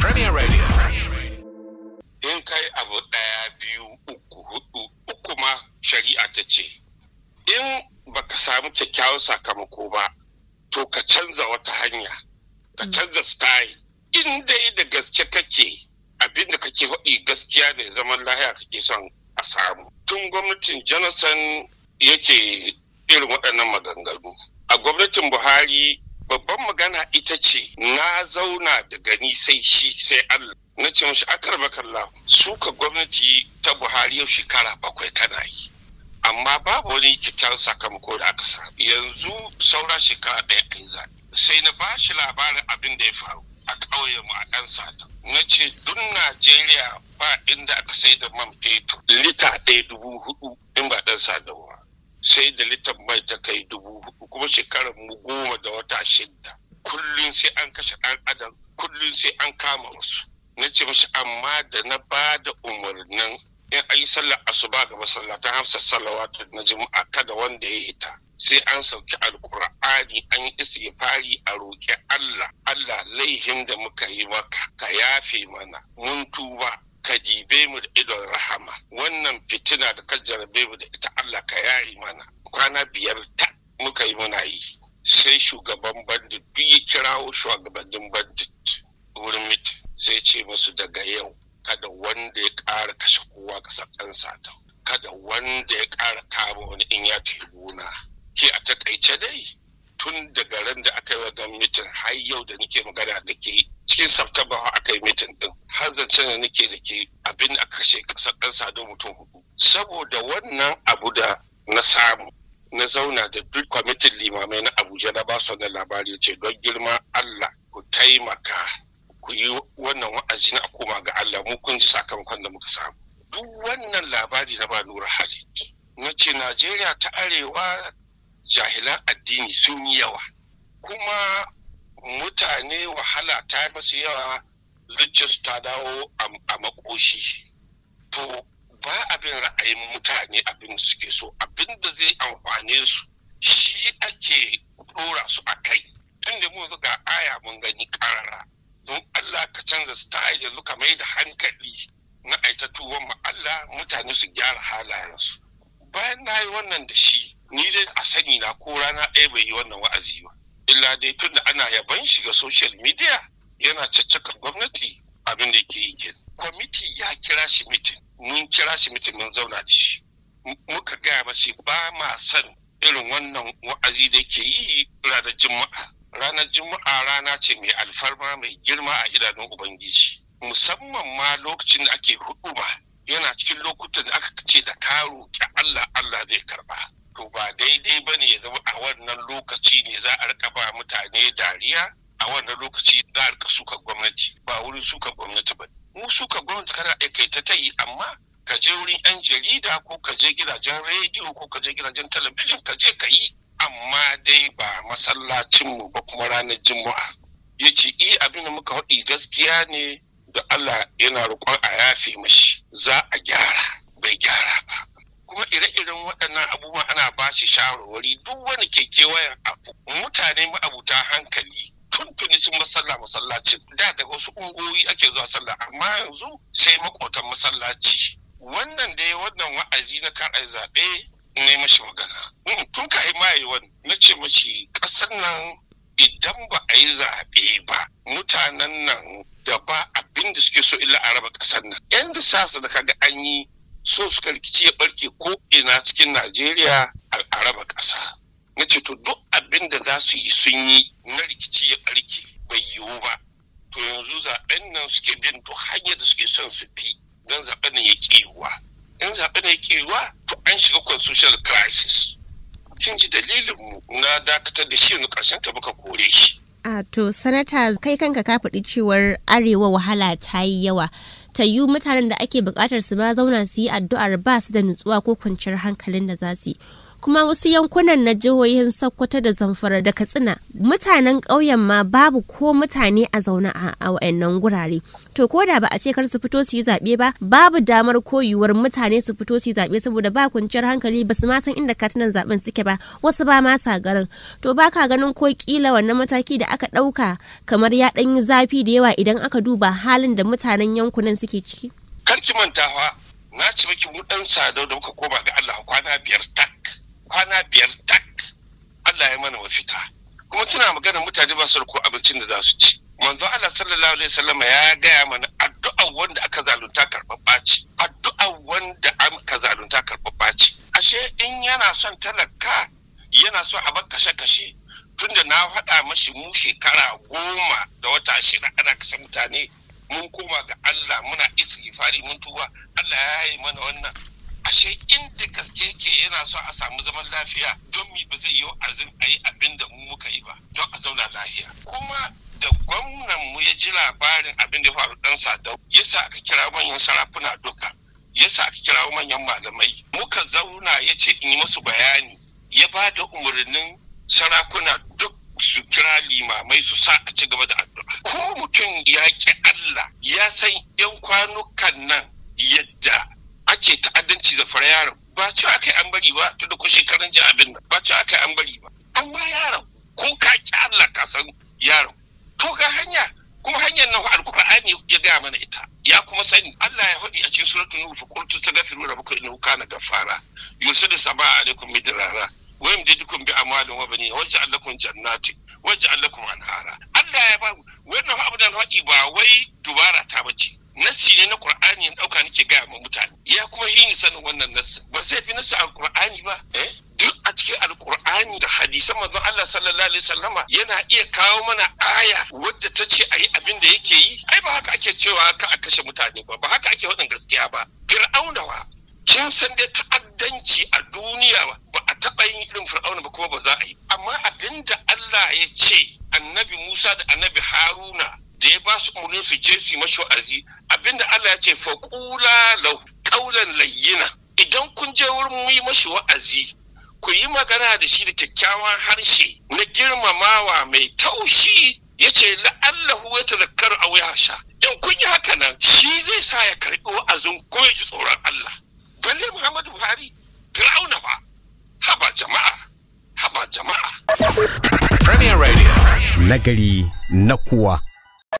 Premier Radio. In kai abu ɗaya biyu uku hudu uku ma shari'a ta ce. In baka samu kyakkyawan sakamako ba, to ka canza wata hanya, ka mm. canza style. In dai da gaske kake abin da kake faɗi gaskiya ne zaman lahiya kake son a samu. Tun gwamnatin Jonathan yake irin waɗannan maganganu. A gwamnatin Buhari babban magana ita ce na zauna da gani sai shi sai Allah na ce mashi akar bakalla suka gwamnati ta Buhari yau shekara bakwai kana yi amma babu wani kyakkyawan sakamako da aka sa yanzu saura shekara ɗaya a yi zaɓe sai na ba shi labarin abin da ya faru a ƙauye mu a ɗan sata na ce duk Najeriya ba inda aka sai da man fetur lita ɗaya dubu hudu in ba ɗan sata ba sai da litan mai ta kai dubu hudu kuma shekarar mu goma da wata shidda kullum sai an kashe dan adam kullum sai an kama wasu na ce mashi amma da na ba da umarnin in an yi sallar asuba ga masallatan hamsar salawatu na juma'a kada wanda ya hita sai an sauki alkur'ani an yi istighfari a roƙi Allah Allah laihin da muka yi maka ka yafe mana mun tuba ka dibe mu da idon rahama wannan fitina da ka jarabe mu da ita Allah ka yayi mana kwana biyar ta muka yi muna yi sai shugaban bandit duk ya kirawo shugabannin bandit wurin mitin sai ce musu daga yau kada wanda ya ƙara kashe kowa ka ɗan sata kada wanda ya ƙara kama wani in ya tafi gona ke a taƙaice dai tun daga ran da aka yi wannan mitin har yau da nake magana da ke cikin har aka yi mitin din har zance da nake da ke abin a kashe kasar ɗan sado mutum hudu. Saboda wannan abu da na samu na zauna da duk kwamitin limamai na Abuja na basu wannan labari ce don girma Allah ku taimaka ku yi wannan wa'azi na koma ga Allah mu kun ji sakamakon da muka samu. Duk wannan labari na ba nura hajji Na ce Najeriya ta Arewa jahilan addini sun yi yawa kuma mutane wahala ta yi masu yawa su ta dawo a makoshi to ba abin ra'ayin mutane abin da suke so abin da zai amfane su shi ake ɗora su a kai tunda mu ga aya mun gani karara don Allah ka canza style yanzu ka mai da hankali na aitatuwan ma Allah mutane su gyara halayensu bayan na yi wannan da shi ni dai a sani na ko rana ɗaya bai yi wannan wa'azi ba illa dai tunda ana yaban shi ga social media yana caccakar gwamnati abin da yake yi ke kwamiti ya kira shi mitin mun kira shi mitin mun zauna da shi muka gaya mashi ba ma son irin wannan wa'azi da yake yi ranar juma'a ranar juma'a rana ce mai alfarma mai girma a idanun ubangiji musamman ma lokacin da ake huduma yana cikin lokutan da aka ce da karo ki Allah Allah zai karba to ba daidai ba ne ya zama a wannan lokaci ne za a rika ba mutane dariya a wannan lokaci za a rika suka gwamnati ba wurin suka gwamnati ba mu suka gwamnati kana aika ta ta yi amma ka je wurin yan jarida ko ka je gidajen rediyo ko ka je gidajen talabijin ka je ka yi amma dai ba masallacin mu ba kuma ranar juma'a ya ce i eh, abin da muka haɗi gaskiya ne da Allah yana roƙon a yafe mashi za a gyara bai gyara kuma ire-iren waɗannan abubuwan ana ba shi shawarwari duk wani ke kewayen abu mutane ma'abuta hankali tuntuni sun masalla masallacin da daga wasu ungoyi ake zuwa sallah amma yanzu sai makotan masallaci wannan dai wannan wa'azi na kaɗa zaɓe ne mashi magana mm, tun ka ma yi wani na ce mashi ƙasar nan idan ba a yi zaɓe ba mutanen nan da ba abin da suke so illa a raba ƙasar nan yan da su da kaga an yi so suka rikici ya barke ko ina cikin najeriya a araba ƙasa na ce to duk abin da za su yi sun yi na rikici ya barke bai yiwu ba to yanzu zaɓen nan suke bin to hanyar da suke son su bi don zaɓen nan ya ƙewa in zaɓen nan ya ƙewa to an shiga social crisis kin ji dalilin mu na dakatar da shi yanzu ƙarshen ta muka kore shi. a to sanata kai kanka ka faɗi cewar arewa wahala ta yi yawa ta mutanen da ake bukatar su ma zauna su yi addu'ar ba su da nutsuwa ko kwanciyar hankalin da za su yi kuma wasu yankunan na jihohin Sokoto da Zamfara da Katsina mutanen ƙauyen ma babu ko mutane a zaune a wayannan gurare to ko da ba a ce kar su fito su yi zaɓe ba babu damar koyuwar mutane su fito su yi zaɓe saboda ba kwanciyar hankali ba su ma san inda katunan zaɓen suke ba wasu ba ma sa garin to ba ka ganin ko kila wannan mataki da aka ɗauka kamar ya ɗan yi zafi da yawa idan aka duba halin da mutanen yankunan suke ciki. Kar ki mantawa na ci miki mu ɗan sadau da muka koma ga Allah kwana biyar tak kwana biyar tak Allah ya mana mafita kuma tana magana mutane ba su ko abincin da za su ci manzo Allah sallallahu alaihi wasallam ya gaya mana addu'a wanda aka zalunta karɓar ce addu'a wanda aka zalunta karɓar ce ashe in yana son talaka yana so a bar kashe-kashe tunda na faɗa mashi mu shekara goma da wata ashirin ana kashe mutane mun koma ga Allah muna fari, mun tuba Allah ya yi mana wannan ashe inda gaske ke yana so a samu zaman lafiya don mi ba zai yi azin a yi abin da mu muka yi ba don a zauna lafiya kuma da gwamnan mu ya ji labarin abin da ya faru dan sadau sa aka kira manyan sarafuna duka sa aka kira manyan malamai muka zauna ya ce in yi musu bayani ya ba da umarnin sarakuna duk su kira limamai su sa a ci gaba da addu'a ko mutum ya ki Allah ya san yan kwanukan nan yadda da fara yaro. ba ci aka an bari ba tun da kushe shekaran ji abin nan ba ci aka an bari ba amma ba yaro ko ka ki Allah ka san Yaro, to ga hanya kuma hanyar nan alkur'ani ya gaya mana ita ya kuma sani Allah ya faɗi a cikin suratul nuh fa qultu tagfiru rabbakum innahu kana ghaffara yusilu samaa alaikum midrara wa yamdidukum bi amwalin wa banin waj'al lakum jannati waj'al lakum anhara Allah ya ba wannan abu da faɗi ba wai dubara ta bace nassi ne na Qur'ani ya dauka nake sanin wannan nasi ba zai fi nasi alkur'ani ba eh? duk a cikin alkur'ani da hadisa manzon Allah sallallahu alaihi wasallama yana iya kawo mana aya wadda ta ce a yi abin da yake yi ai ba haka ake cewa ka a kashe mutane ba ba haka ake waɗin gaskiya ba fir'aunawa kin san dai ta'addanci a duniya ba a taɓa yin irin fir'auna ba kuma ba za a yi amma abin da Allah ya ce annabi Musa da annabi Haruna da ya ba su umarni su je su yi mashi wa'azi abinda Allah ya ce faƙula lau ƙaulan layyina idan kun je wurin mu yi mashi wa'azi ku yi magana da shi da kyakkyawan harshe na girmamawa mai taushi ya ce la'allahu ya tazakkar a sha in kun yi haka nan shi zai sa ya karɓi wa'azin ko ya ji tsoron Allah balle Muhammadu Buhari Fir'auna ba haba jama'a haba jama'a Premier Radio nagari na kuwa